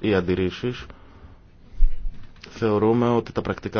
ή αντιρρήσεις θεωρούμε ότι τα πρακτικά